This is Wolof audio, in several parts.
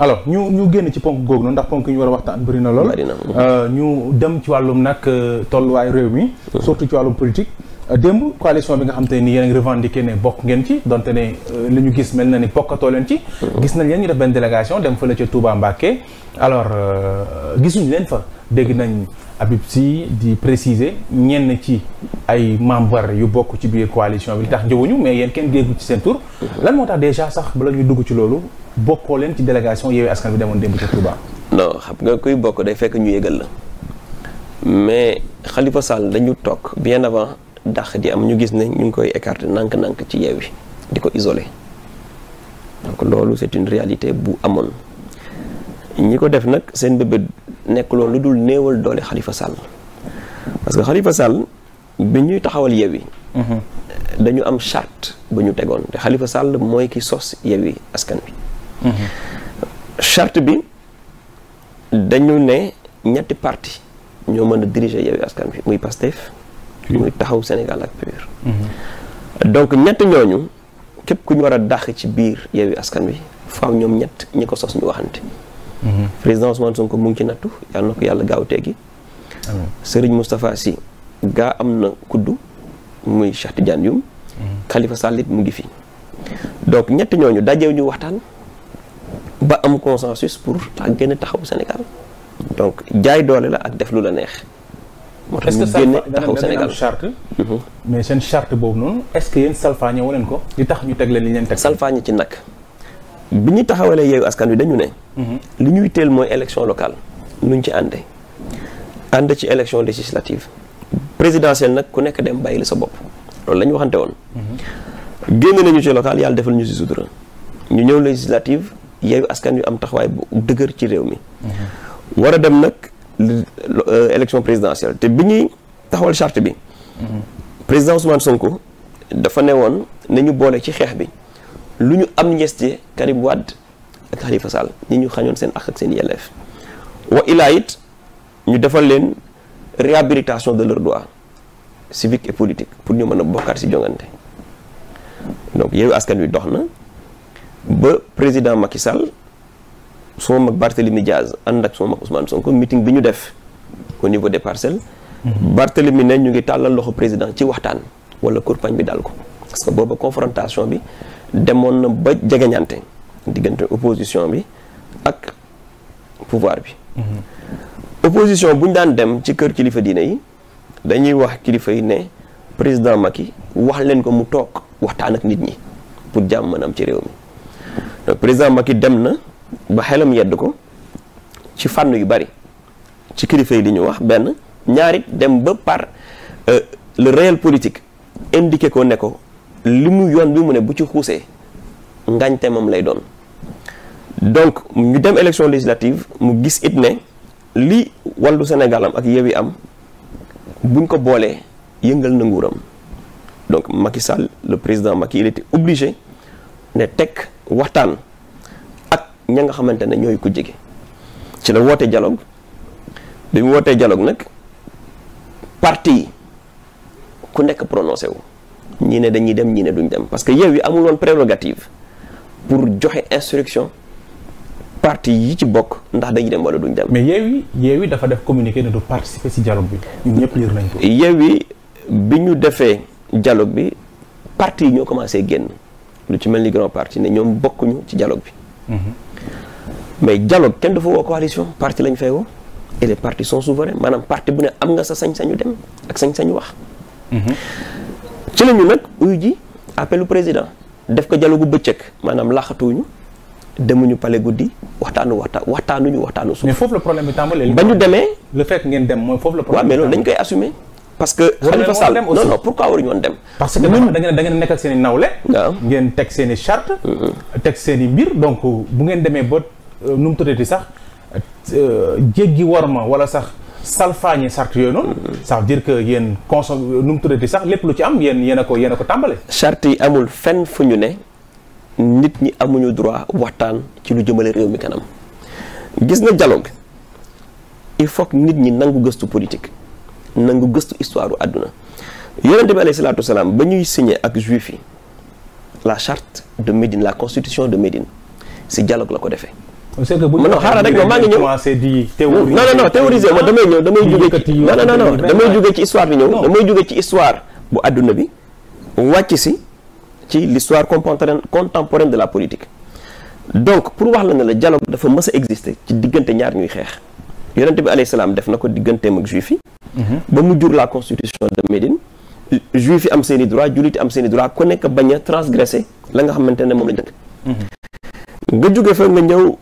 alors ñu ñu génn ci ponk googu noonu ndax ponk yi ñu war a waxtaan bëri na lool. Euh, ñu dem ci wàllum nag euh, tolluwaay réew mi. Mm-hmm. surtout ci wàllum politique. Euh, démb coalition bi nga xam te ni yéen a ngi ne bokk ngeen ci donte ne li ñu gis mel na ni bokkatoo leen ci. Mm-hmm. gis nañ leen ñu def benn délégation dem fële ca Touba Mbacké alors gisuñu leen fa. dégg nañ Habib si di préciser ñenn ci ay membres yu bokk ci biir coalition bi li tax njëwuñu mais yéen kenn déggu ci seen tur. lan moo tax déjà sax bala ñuy dugg ci loolu bokkoo leen ci délégation Yewwi Askan Wi demoon démb ci Touba. non xam nga kuy bokk day fekk ñu yëgal la mais xalifa Sall dañu toog bien avant dàq di am ñu gis ne ñu ngi koy écarte nànk-nànk ci Yewwi di ko isolé donc loolu c'est une réalité bu amoon ñi ko def nag seen bébét. nekk loolu lu dul néewal doole Khalifa Sall parce que Khalifa Sall bi ñuy taxawal Yewwi mhm. dañu am chart bu ñu tegoon te Khalifa Sall mooy ki sos Yewwi Askan Wi mhm. chart bi dañu ne ñetti parti ñoo mën a diriger Yewwi Askan bi muy Pastef muy Taxawu Sénégal ak PUR mhm. donc ñett ñooñu képp ku ñu war a dàq ci biir Yewwi Askan Wi faaw ñoom ñett ñi ko sos ñu waxante président Ousmane Sonko mu ngi ci nattu yàlla na ko yàlla gaaw teggi Serigne Moustapha Sy gaa am na kuddu muy Cheikh Tidiane Youm Khalifa Sall mu ngi fi donc ñett ñooñu dajew ñu waxtaan ba am consensus pour ta gën taxawu taxaw Sénégal donc jaay doole la ak def lu la neex moo tax ñu génne taxaw Sénégal charte mhm. mais seen charte boobu noonu est-ce que yéen salfaañe waleen ko li tax ñu teg leen li leen teg salfaañe ci nag bi ñu taxawalee yeewu askan wi dañu ne. Mhm. li ñuy teel mooy élection locale nuñ ci ànde ànd ci élection législative présidentielle nag ku nekk dem bàyyi la sa bopp loolu la ñu waxante woon. Mhm. génn nañu ci locale yàlla defal ñu si sutura ñu ñëw législative yeewu askan wi am taxawaay bu dëgër ci réew mi. Mhm. war a dem nag euh, élection présidentielle te bi ñuy taxawal charte bi. président Ousmane Sonko dafa ne woon nañu boole ci xeex bi. lu ñu amnistier Karim Wade ak Khalifa Sall ñi ñu xañoon seen ak ak seen yelleef wa ilaa it ñu defal leen réhabilitation de leurs droits civiques et politiques pour ñu mën a bokkaat si jongante donc Yewwi Askan Wi dox na ba président Macky Sall sama mag Barthélemy Diaz ànd ak sama mag Ousmane Sonko meeting bi ñu def au niveau des parcelles mhm. Barthélemy ne ñu ngi tàllal loxo président ci waxtaan wala campagne bi daal ko parce que booba confrontation bi demoon na ba jegeñante diggante opposition bi ak pouvoir bi. Mhm. opposition bu ñu daan dem ci kër kilifa diine yi dañuy wax kilifa yi ne président Macky wax leen ko mu toog waxtaan ak nit ñi pour jàmm mën am ci réew mi président Macky dem na ba xelam yedd ko ci fànn yu bari ci kilifa yi li ñu wax benn ñaari dem ba par euh, le réel politique indiqué ko ne ko li mu yoon bi mu ne bu ci xuusee ngañte moom lay doon donc ñu dem élection législative mu gis it ne li wàllu Sénégal ak Yewwi am buñ ko boolee yëngal na nguuram donc Macky Sall le président Macky il était obligé ne teg waxtaan ak ña nga xamante ne ñooy ko jege ci la woote dialogue bi mu wootee dialogue nag parti ku nekk prononcé wu ñi ne dañuy dem ñi ne duñu dem parce que Yewwi amul woon prérogative pour joxe instruction parti yi ci bokk ndax dañuy dem wala duñ dem. mais Yewwi yi dafa def communiqué ne du participer si dialogue bi ñëpp lire nañ ko. Yewwi bi ñu defee dialogue bi parti yi ñoo commencé génn lu ci mel ni grand parti ne ñoom bokkuñu ci dialogue bi. Mhm. mais dialogue kenn dafa woo coalition parti lañ fay woo et les partis sont souverains maanaam parti bu ne am nga sa sañ-sañu dem ak sañ-sañu wax. Mhm. ci la ñu nag uyu appelu président def ko dialogue gu bëccëg maanaam laaxatuwuñu demuñu pale guddi waxtaanu waxtaan waxtaanuñu waxtaanu suuf. mais foofu la problème bi ba ñu demee. le fait ngeen dem mooy foofu la problème waaw mais loolu dañ koy assumer. parce que Khalifa Sall non non pourquoi waruñu woon dem. parce que da ngeen da ngeen nekk ak seen i nawle. waaw ngeen teg seen i mm-hmm. teg seen i mbir donc bu ngeen demee ba euh, nu mu tuddati sax euh, jéggi worma wala sax sal salfaañe charte yooyu noonu. Mm-hmm. sax veut dire que yéen consom nu mu sax lépp lu ci am yéen yéen ko yéen ko tàmbale. charte yi amul fenn fu ñu ne nit ñi amuñu droit waxtaan ci lu jëmale réew mi kanam gis nga dialogue il faut nit ñi nangu gëstu politique nangu gëstu histoire àdduna yonente bi alayhi salaatu wasalaam ba ñuy signé ak juif yi la charte de Médine la constitution de Médine si dialogue la ko defee. c'est que bu ñu xaaral rek maa ngi ñëw non non non théoriser ma damay ñëw damay jóge ci non non non damay jóge ci histoire bi ñëw damay jóge ci histoire bu àdduna bi wàcc si ci l'histoire contemporaine contemporaine de la politique donc pour wax la ne la dialogue dafa mës a exister ci diggante ñaar ñuy xeex yonente bi alayhi salaam def na ko digganteem ak juif yi mhm. ba mu jur la constitution de Médine juif yi am seen i droit jullit yi am seen i droit ku nekk bañ a transgresser la nga xamante ne moom la dëkk mhm. nga jóge fa nga ñëw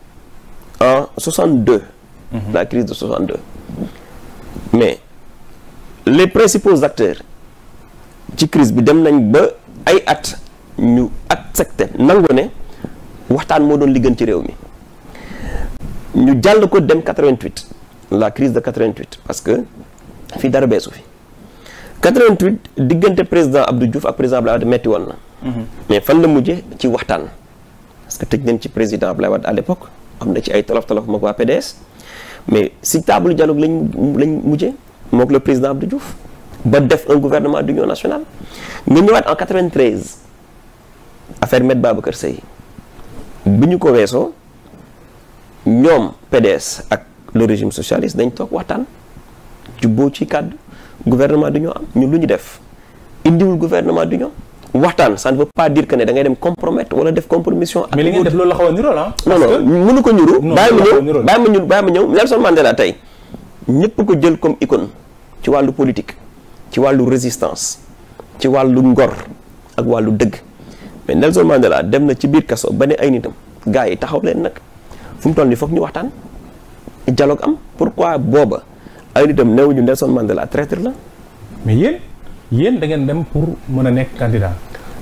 en 62. Mm -hmm. la crise de mais les principaux acteurs ci crise bi dem nañ ba ay at ñu accepté nangu ne waxtaan moo doon li ci réew mi ñu jàll ko dem 88 la crise de 88 parce que fii dara beesu fi 88 diggante président Abdou Diouf ak président Abdoulaye Wade metti woon na. Mhm. mais fan la mujjee ci waxtaan parce que tëj nañ ci président Abdoulaye Wade à l'époque am na ci ay tolof tolof mook PDS mais si table dialogue lañ lañ mujjee mook le président Abdou Diouf ba def un gouvernement d'union nationale nga ñëwaat en 93 affaire Me kër Seye bu ñu ko weesoo ñoom PDS ak le régime socialiste dañ toog waxtaan jubboo ci kàddu gouvernement du d'union am ñu lu ñu def indiwul gouvernement d'union waxtaan ça ne veut pas dire que ne dangay dem compromettre wala def compromission. ak mais li ngeen def loolu la xaw a niroo la non non mënu ko niru. bàyyi ma ñëw bàyyi ma ñëw bàyyi ma ñëw Nelson Mandela tey ñëpp ko jël comme icône ci wàllu politique ci wàllu résistance ci wàllu ngor ak wàllu dëgg mais Nelson Mandela dem na ci biir kaso ba ne ay nitam gars yi taxaw leen nag fu mu toll nii foog ñu waxtaan dialogue am pourquoi booba ay nitam ñu Nelson Mandela traître la mais yéen. yéen da dem pour mën a nekk candidat.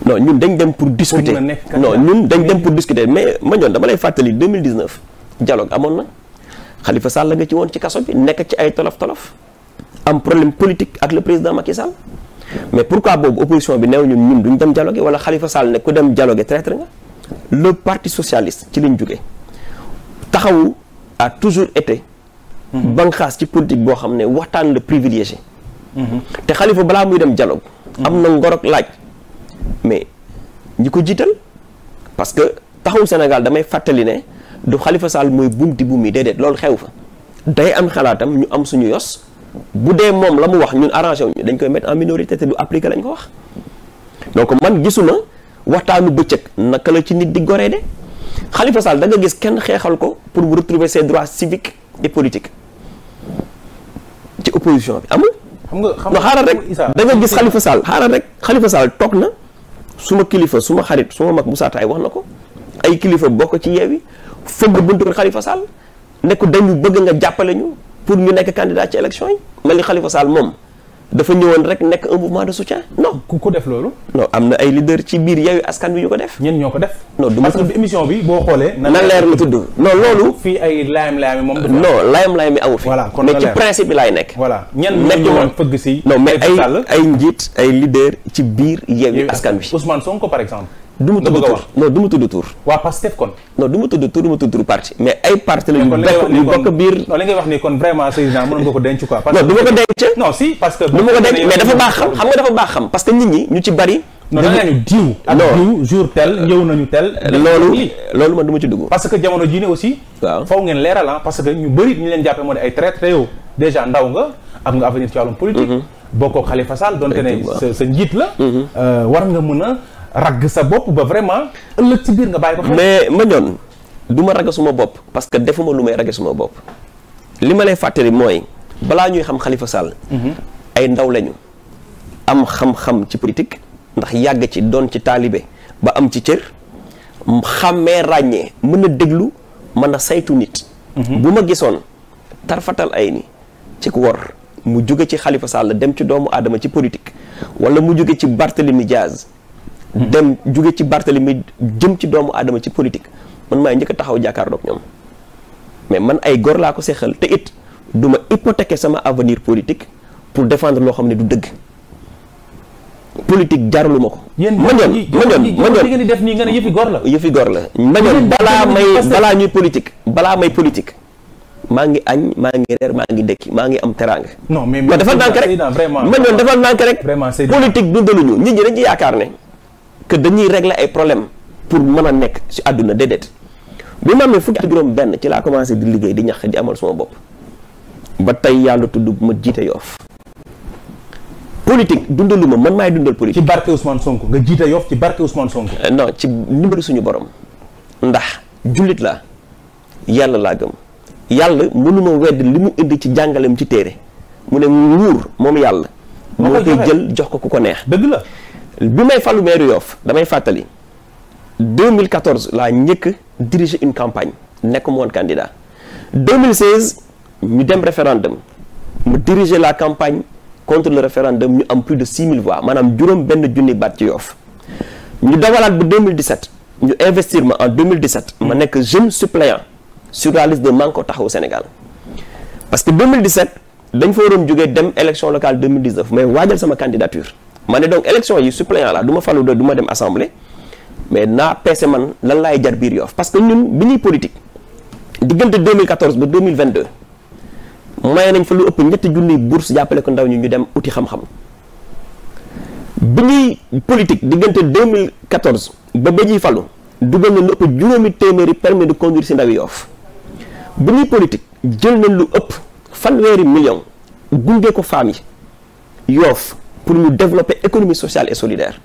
non ñun dañ dem pour discuter non ñun dañ dem pour discuter mais ma ñoon dama lay fàttali 2019 dialogue amoon na Khalifa Sall nga ci woon ci kaso bi nekk ci ay tolof tolof am problème politique ak le président Macky Sall mais pourquoi boobu opposition bi new ñun ñun duñ dem dialogue wala Khalifa Sall ne ku dem dialogue traître nga le parti socialiste ci lañ jóge taxawu a toujours été xaas mhm. ci politique boo xam ne waxtaan la privilégié te xalifa balaa muy dem dialogue am na ngorog laaj mais ñi ko jiital parce que taxawu Sénégal damay fàttali ne du xalifa Sall mooy bunti bu mi déedéet loolu xew fa day am xalaatam ñu am suñu yos bu dee moom la mu wax ñun arrangé wuñu dañ koy mettre en minorité te du appliquer lañ ko wax donc man gisuma waxtaanu bëccëg naka la ci nit di goree de xalifa Sall da gis kenn xeexal ko pour retrouver see droits civiques et politique ci opposition bi amul xam xam nga xaaral rek da nga gis Khalifa Sall xaaral rek Khalifa Sall toog na suma kilifa suma xarit suma mag Moussa Taye wax na ko ay kilifa bokk ci yeewi fëgg buntu kër Khalifa Sall ne ko dañu bëgg nga jàppale ñu pour ñu nekk candidat ci élection yi mel ni Khalifa saal moom dafa ñëwoon rek nekk un mouvement de soutien non. ku ko def loolu. non am na ay leader ci biir Yewwi Askan Wi ñu ko def. ñenn ñoo ko def. non du ma parce que émission bi boo xoolee. na leer la tudd non loolu. fii ay laayam laayam yi moom. laayam laayam yi amu fi. voilà mais ci principe bi laay nekk. voilà ñenn ñoo ñëwoon fëgg si. non mais ay ay njiit ay leader ci biir Yewwi Askan bi Wi. son ko par exemple. du ma tudd tur non tudd tur. waa tudd tur du mais ay parti la yu wax nii kon vraiment say gens mënoon nga ko denc quoi. non du ma ko denc. non si ko denc mais dafa baax xam xam nga dafa baax xam parce que nit ñi ñu ci bari. non nañu tel. loolu loolu man du ma ci dugg. parce que jamono ji ne aussi. waaw faw ngeen leeral ah, parce que ñu bëri ñu leen jàppee moo di ay traître yow déjà ndaw nga am nga avenir ci wàllum politique. Mm-hmm. bokkoo Khalifa Sall donte ne sa njiit la mm-hmm. euh, war nga mën a ragg sa bopp ba vraiment ëllëg ci biir nga bàyyi ko. mais ma ñoon du ma ragg suma bopp parce que defuma lu may ragg suma bopp li ma lay fàttali mooy balaa ñuy xam xalifa Sall. Mhm. ay ndaw lañu am xam-xam ci politique ndax yàgg ci doon ci taalibe ba am ci cër xàmmee ràññee mën a déglu mën a saytu nit. Mhm. bu ma gisoon tarfatal ay ni ci ku wor mu jóge ci Khalifa Sall dem ci doomu aadama ci politique wala mu jóge ci Barthélemy Diaz dem juge ci mi jëm ci doomu aadama ci politique man maa njëkk a taxaw jàkkaarloog ñoom mais man ay gor laa ko seexal te it du ma hypothéquer sama avenir politique pour défendre loo xam ne du dëgg politique jarlu ma ko. mañoon mañoon mañoon li ngeen di def balaa may balaa ñuy politique balaa may politique. maa ngi añ maa ngi reer maa ngi dëkki maa ngi am teraanga. non mais mais dafa rek ma ñoon dafa ndànk ñi dañ ci yaakaar ne. que dañuy regle ay problème pour mën a nekk ci àdduna déedéet bi ma amee fukki at juróom benn ci laa commencé di liggéey di ñax di amal suma bopp ba tey yàlla tudd ma jiite yoof politique dundaluma man maay dundal politique. ci barke Ousmane Sonko nga jiite yoof ci barke Ousmane Sonko. Eh, non ci ndimbalu suñu borom ndax jullit laa yàlla laa gëm yàlla mënuma wedd li mu indi ci jàngaleem ci téere mu ne nguur moom yàlla. moo koy jël jox ko ku ko neex. bi may falu meeru Yoff damay fàttali 2014 laa njëkk diriger une campagne nekk mu woon candidat 2016 ñu dem référendum mu diriger la campagne contre le référendum ñu am plus de mille voix maanaam juróom benn junni baat ci Yoff ñu dawalaat bu 2017 ñu investir ma en 2017 ma nekk jeune suppléant sur la liste de Manko Taxawu Sénégal parce que 2017 dañ fa waroon jógee dem élection locale 2019 mais waajal sama candidature ma ne donc élection yi suppléant la du ma falu do du dem assemblée mais naa peese man lan laay jar biir Yoff parce que ñun bi ñuy politique diggante 2014 ba 2022 maye nañ fa lu ëpp ñetti junniy bourse jàppale ko ñu ñu dem uti xam-xam bi ñuy politique diggante 2014 ba ba ñuy falu dugal nañ lu ëpp juróomi téeméeri permis de conduire si ndaw Yoff bi ñuy politique jël nañ lu ëpp fanweeri million gunge ko femmes yi Yoff pour ñu développer économie sociale et solidaire.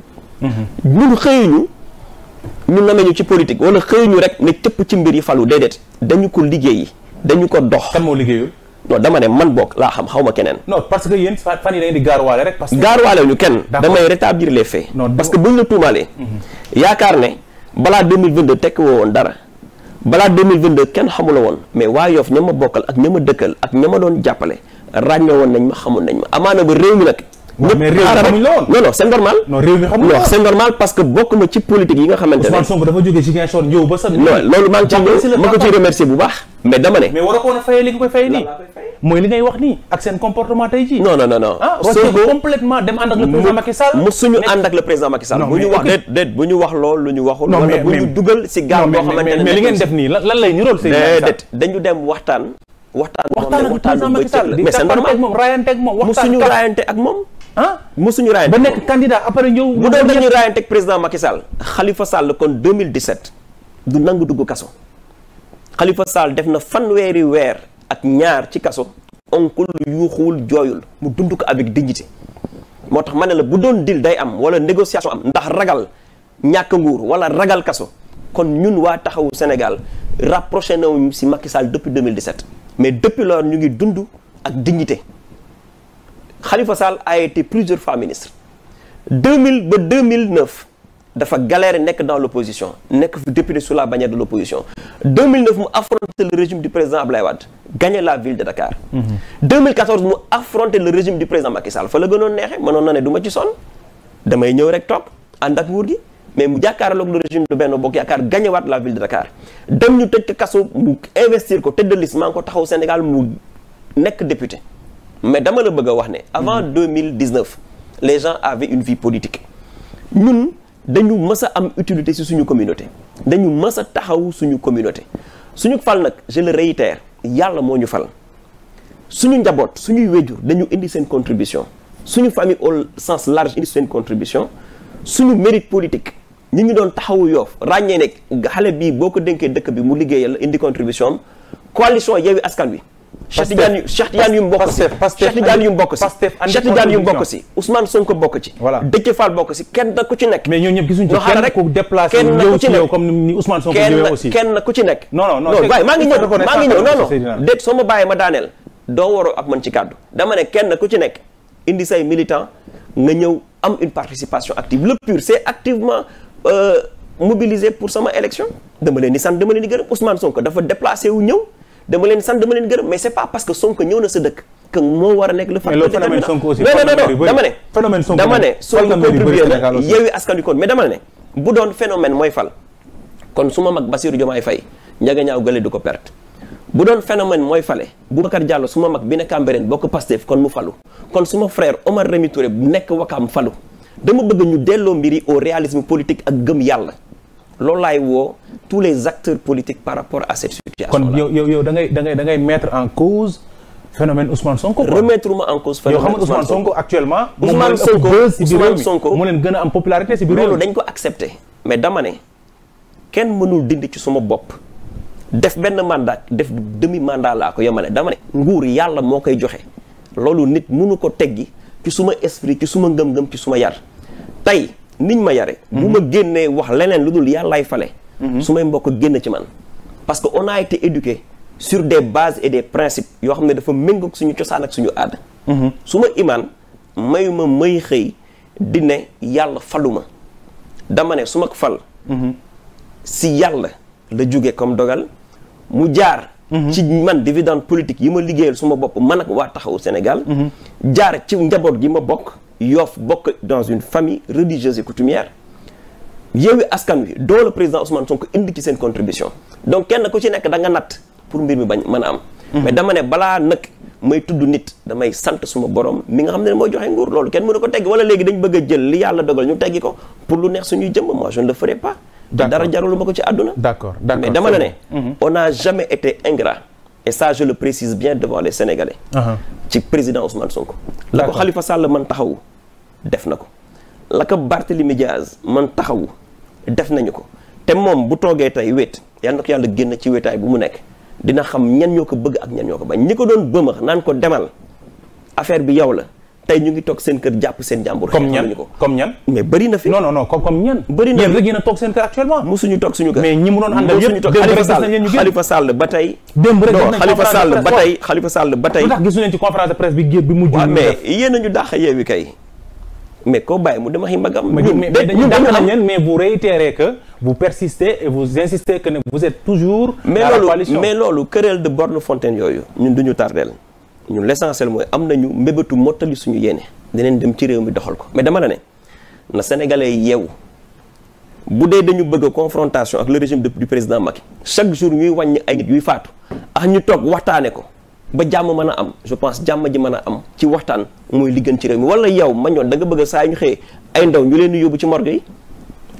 Mm-hmm. ñun xëyuñu ñu name ñu ci politique wala xëyuñu rek ne tëpp ci mbir yi falu déedéet dañu ko liggéeyi dañu ko dox. kan moo liggéeyul. non dama ne man boog laa xam xaw ma keneen. non parce que yéen fan yi dañuy di gaaruwaale parce que gaaruwaale ñu kenn. damay rétablir les faits. parce que buñ la tuumaalee. Mm-hmm. yaakaar ne balaa 2022 tekki woo woon dara. balaa 2022 kenn xamula woon mais waa Yoff ña ma bokkal ak ña ma dëkkal ak ña ma doon jàppale ràññoo woon nañ ma xamul nañ ma amaana ba réew mi nag. mais réew mi normal. non réew normal parce que bokk na ci politique yi nga xamante ne. Ousmane Sonko dafa jógee ci Ziguinchor ñëw ba sa. wax nii ak seen comportement tey jii. non non non ah, ak le président Macky mu suñu ànd ak le président Macky Sall. bu wax déet déet bu ñu wax lool dugal si gaal boo ngeen def nii lan lay nirool seen. déedéet dañu dem waxtaan waxtaan waxtaan ak raayante ak moom ah mosuñu raayante ba nekk candidat après ñëw. bu doon dañuy raayante ak président Macky Sall. Khalifa Sall kon 2017 du nangu dugg kaso. xalifa Sall def na fanweeri weer ak ñaar ci kaso. onkul yuuxuwul jooyul mu dund ko avec dignité moo tax ma ne la bu doon deal day am wala négociation am ndax ragal ñàkk nguur wala ragal kaso kon ñun waa taxawu Sénégal rapproché nawu si Macky Sall depuis 2017 mais depuis lors ñu ngi dund ak dignité Khalifa Sall a été plusieurs fois ministre 2000 ba 2009 dafa galère nekk dans l'opposition nekk député sous la bannière de l'opposition 2009 mu affronter le régime du président Abdoulaye Wade gagner la ville de Dakar. 2014 mu affronter le régime du président Macky Sall fa la gënoon neexee mënoon na ne du ci sonn damay ñëw rek toog ànd ak nguur gi mais mu jàkkaarloog le régime de Benno Bokk Yaakaar gagné waat la ville de Dakar dem ñu tëj ko kaso mu investir ko te liste maa ngi ko taxaw Sénégal nekk député. mais dama la bëgg a wax ne. avant mm. deux mille dix neuf les gens avaient une vie politique ñun dañu mës a am utilité si suñu communauté dañu mës a taxaw suñu communauté suñu fal nag je le réitère yàlla moo ñu fal suñu njaboot suñuy wéjur dañu indi seen contribution suñu famille au sens large indi seen contribution suñu mérite politique. ñu ngi doon taxawu yoof ràññee nekk xale bii boo ko dénkee dëkk bi mu liggéeyal indi contribution am coalition Yewwi Askan Wi Cheikh Tidiane Cheikh Tidiane yu mu bokk si Cheikh Tidiane yu mu bokk si Cheikh Tidiane yu mu bokk si Ousmane Sonko bokk ci voilà Déthié bokk si kenn ku ci nekk mais maa ngi ñëw maa ngi soo ma bàyyee ma daaneel doo waroo ak man ci kàddu dama ne kenn ku ci nekk indi say militant nga ñëw am une participation active le pur c'est activement euh, mobilisé pour sama élection dama leen di sant dama leen di gërëm Ousmane ko dafa déplacé wu ñëw dama leen sant dama leen gërëm mais c'est pas parce que Sonko ñëw na sa dëkk que moo war a nekk le facteur déterminant non non non dama ne dama ne Sonko contribué na Yewwi Askan Wi kon mais dama ne bu doon phénomène mooy fal kon su ma mag Bassirou Diomaye Faye njaga ñaaw gële du ko perte bu doon phénomène mooy fale Boubacar Diallo su ma mag bi ne Cambérène bokk Pastef kon mu falu kon suma frère Omar Rémi Touré nekk Wakaam falu dama bëgg ñu delloo mbiri au réalisme politique ak gëm yàlla loolu laay woo tous les acteurs politiques par rapport à cette situation kon yow yow yow da ngay da ngay da ngay mettre en cause phénomène Ousmane Sonko. remettre ma en cause phénomène Ousmane, Ousmane Sonko actuellement. Ousmane Sonko gën a am popularité si biir dañ ko accepté mais dama ne kenn mënul dindi ci suma bopp. def benn mandat def demi mandat laa ko yemale dama ne. nguur yàlla moo koy joxe loolu nit mënu ko teggi ci suma esprit ci suma ngëm-ngëm ci suma yar tey niñ ma yare bu ma mhm. génnee wax leneen lu dul yàllaay fale mhm. su may mbokk génn ci man parce que on a été éduqué sur des bases et des principes yoo xam ne dafa méngoog suñu cosaan ak suñu aada mhm. su ma imaan mayuma may xëy di ne yàlla faluma dama ne suma fal si yàlla la jóge comme dogal mu jaar ci man dividende politique yi ma liggéeyal su ma bopp man ak waa taxawu Sénégal jaar ci njaboot gi ma bokk Yoff bokk dans une famille religieuse et coutumière Yewwi Askan Wi doo le président Ousmane Sonko indi ci seen contribution donc kenn ku ci nekk da nga natt pour mbir mi bañ mën a am mhm. mais dama ne balaa nag may tudd nit damay sant suma borom mi nga xam ne moo joxe nguur loolu kenn mënu ko tegg wala léegi dañ bëgg jël li yàlla dogal ñu teggi ko pour lu neex suñuy jëmm moi je ne le ferai pas dara jarul ma ko ci àdduna d'accord d'accord mais dama la ne mhm. on n'a jamais été ingrat et ça je le précise bien devant les Sénégalais. ci président Ousmane Sonko. la ko Khalifa Sall man taxawu def na ko. la ko Barthélemy Diaz man taxawu def nañu ko te moom bu toogee tey wet yal na ko yàlla génn ci wetaay bu mu nekk dina xam ñan ñoo ko bëgg ak ñan ñoo ko bañ ñi ko doon bëmax naan ko demal affaire bi yow la. tey ñu ngi toog seen kër jàpp seen jàmbur. comme ñan comme ñan mais bëri na fi. non non non comme comme ñan. bëri na fi yéen a toog seen kër actuellement. musuñu toog suñu kër. mais ñi mu doon àndal yëpp démb rek gis nañ leen ñu génn Khalifa Sall a ñu yeewi kay. mais koo bàyyi mu dama xi mbagam. ñun mais dañu dàq nañ leen ñun l'essentiel mooy am nañu mbébétu mottali suñu yéene dinañ dem ci réew mi doxal ko mais dama la ne na sénégalais yeewu bu dee dañu bëgg confrontation ak le régime du président Macky chaque jour ñuy wàññi ay nit yuy faatu ak ñu toog waxtaane ko ba jàmm mën a am je pense jàmm ji mën a am ci waxtaan mooy liggan gën ci réew mi wala yow mañoon danga bëgg saa ñu xëyee ay ndaw ñu leen di yóbbu ci morgue yi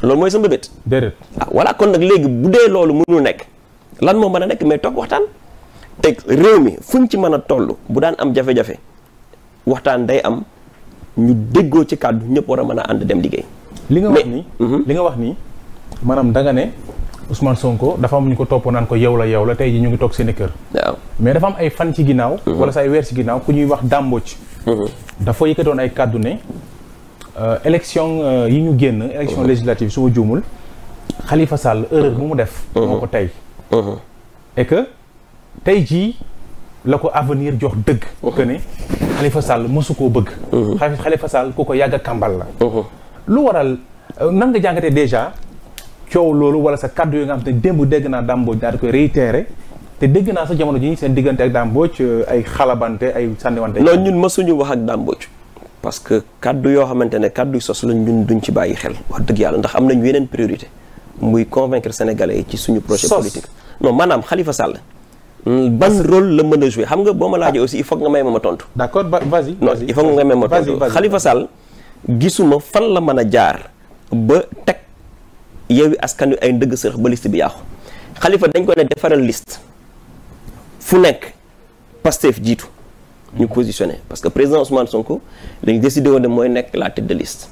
loolu mooy sa mbébét déedéet ah kon nag léegi bu dee loolu mënul nekk lan moo mën a nekk mais toog waxtaan teg réew mi fuñ ci mën a toll bu daan am jafe-jafe waxtaan day am ñu déggoo ci kàddu ñëpp war a mën a ànd dem liggéey. li nga wax ni mhm. li nga wax ni maanaam danga ne Ousmane Sonko dafa am ñu ko topp naan ko yow la yow la tey ji ñu ngi toog seen kër. mais dafa am ay fan ci ginnaaw. Mhm. wala ay weer ci ginnaaw ku ñuy wax dàmbooc. Mhm. dafa yëkkatoon ay kàddu ne. Euh, élection euh, yi ñu génn. élection législative su ma juumul. Khalifa Sall erreur bu mu def. moo ko tey. tey jii la ko avenir jox dëgg uh-huh. que ne Khalifa Sall mësu koo bëgg uh-huh. Khalifa Sall ku ko yàgg a kàmbal la uh-huh. lu waral euh, nan nga jàngatee déjà coow loolu wala sa kàddu yoo nga xam ne démb dégg naa dàmbooj daal di koy réitéré te dégg naa sa jamono ji seen diggante ak dàmbooj euh, ay xalabante ay sànniwante non ñun suñu wax ak dàmbooj parce que kàddu yoo xamante ne kàddu sos la ñun duñ ci bàyyi xel wax dëgg yàlla ndax am nañu yeneen priorité muy convaincre sénégalais yi ci suñu projet politique non maanaam Khalifa Sall ban rôle la mën a jouer xam nga boo ma laajee aussi il faut nga may ma ma tontu. d'accord vas-y. non il faut nga may ma tontu Khalifa Sall gisuma fan la mën a jaar ba teg Yewwi Askan Wi ay ndëgg sërëx ba liste bi yàqu xalifa dañ ko ne defaral list fu nekk Pastef jiitu. ñu positionné parce que président Ousmane Sonko lañ décidé woon mooy nekk la tête de liste.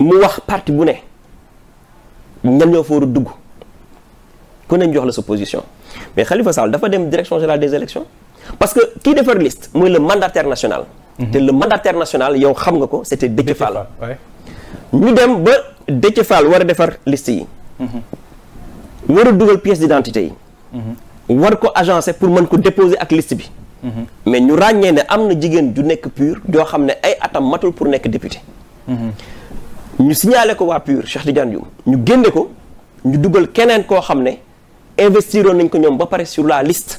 mu wax parti bu ne ñan ñoo fa war a dugg ku ne ñu jox la sa position. mais Khalifa Sall dafa dem direction générale des élections parce que kii defar liste mooy le mandataire national. Mhm. te le mandataire national yow xam nga ko c'était Déthié Fall. ñu dem ba Déthié Fall war a defar list yi. Mhm. war a dugal pièce d'identité yi. Mhm. war ko agencer pour mën ko déposer ak list bi. mais ñu ràññee ne am na jigéen ju nekk PUR joo xam ne ay atam matul pour nekk député. ñu signalé ko waa PUR Cheikh Tidiane Diouf ñu génne ko ñu dugal keneen koo xam ne. investiroon nañ ko ñoom ba pare sur la liste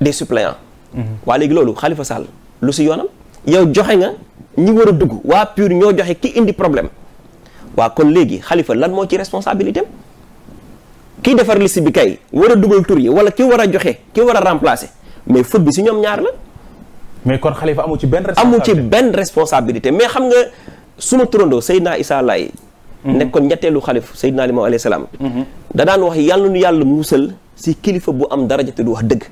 des suppléants. Mhm. waa léegi loolu xalifa Sall lu si yoonam yow joxe nga ñi war a dugg waa PUR ñoo joxe ki indi problème waa kon léegi xalifa lan moo ci responsabilité kii defar liste bi kay war a dugal tur yi wala ki war a joxe ki war a remplacer mais foot bi si ñoom ñaar la. mais kon xalifa amu ci benn. responsabilité amu ci benn responsabilité mais xam nga suma turandoo Seydina Issa Laye nekk mm-hmm. nekkoon ñetteelu xalif Seydina Limaamu alayhi salaam mm-hmm. da daan wax yàlla nu yàlla mu musal si kilifa bu am daraja te du wax dëgg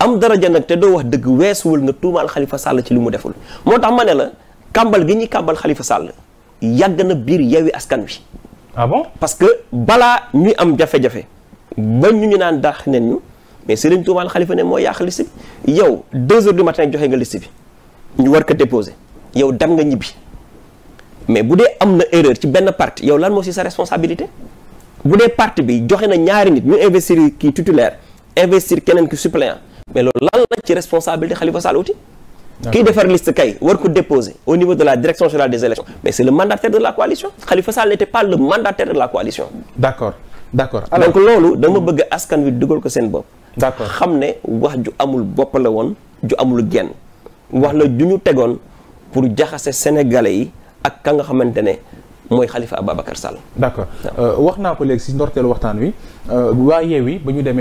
am daraja nag te doo wax dëgg weesuwul nga tuumaal xalifa sàll ci lu mu deful moo tax ma ne la kàmbal gi ñuy kàmbal xalifa sàll yàgg na biir yewi askan wi ah parce que balaa ñuy am jafe-jafe ba ñu ñu naan daax nen ñu mais sëriñ tuumaal xalifa ne moo yàq liste yow deux heures du matin joxe nga liste bi ñu war ko déposé yow dem nga ñibbi mais bu dee am na erreur ci benn parti yow lan moo si sa responsabilité bu dee parti bi joxe na ñaari nit ñu investir kii titulaire investir keneen ki suppléant mais loolu lan la ci responsabilité Khalifa Sall uti kiy defar liste kay war ko déposer au niveau de la direction générale des élections mais c'est le mandataire de la coalition Khalifa Sall n'était pas le mandataire de la coalition d'accord donc loolu dama bëgg askan wi dugal ko seen bopp d'accord xam ne wax ju amul bopp la woon ju amul genn wax la ju ñu tegoon pour jaxase sénégalais yi ak ka nga xamante ne mooy Khalifa Ababacar Sall. d'accord euh, wax naa ko léegi si ndorteelu waxtaan wi euh, waaye Yewwi ba ñu demee.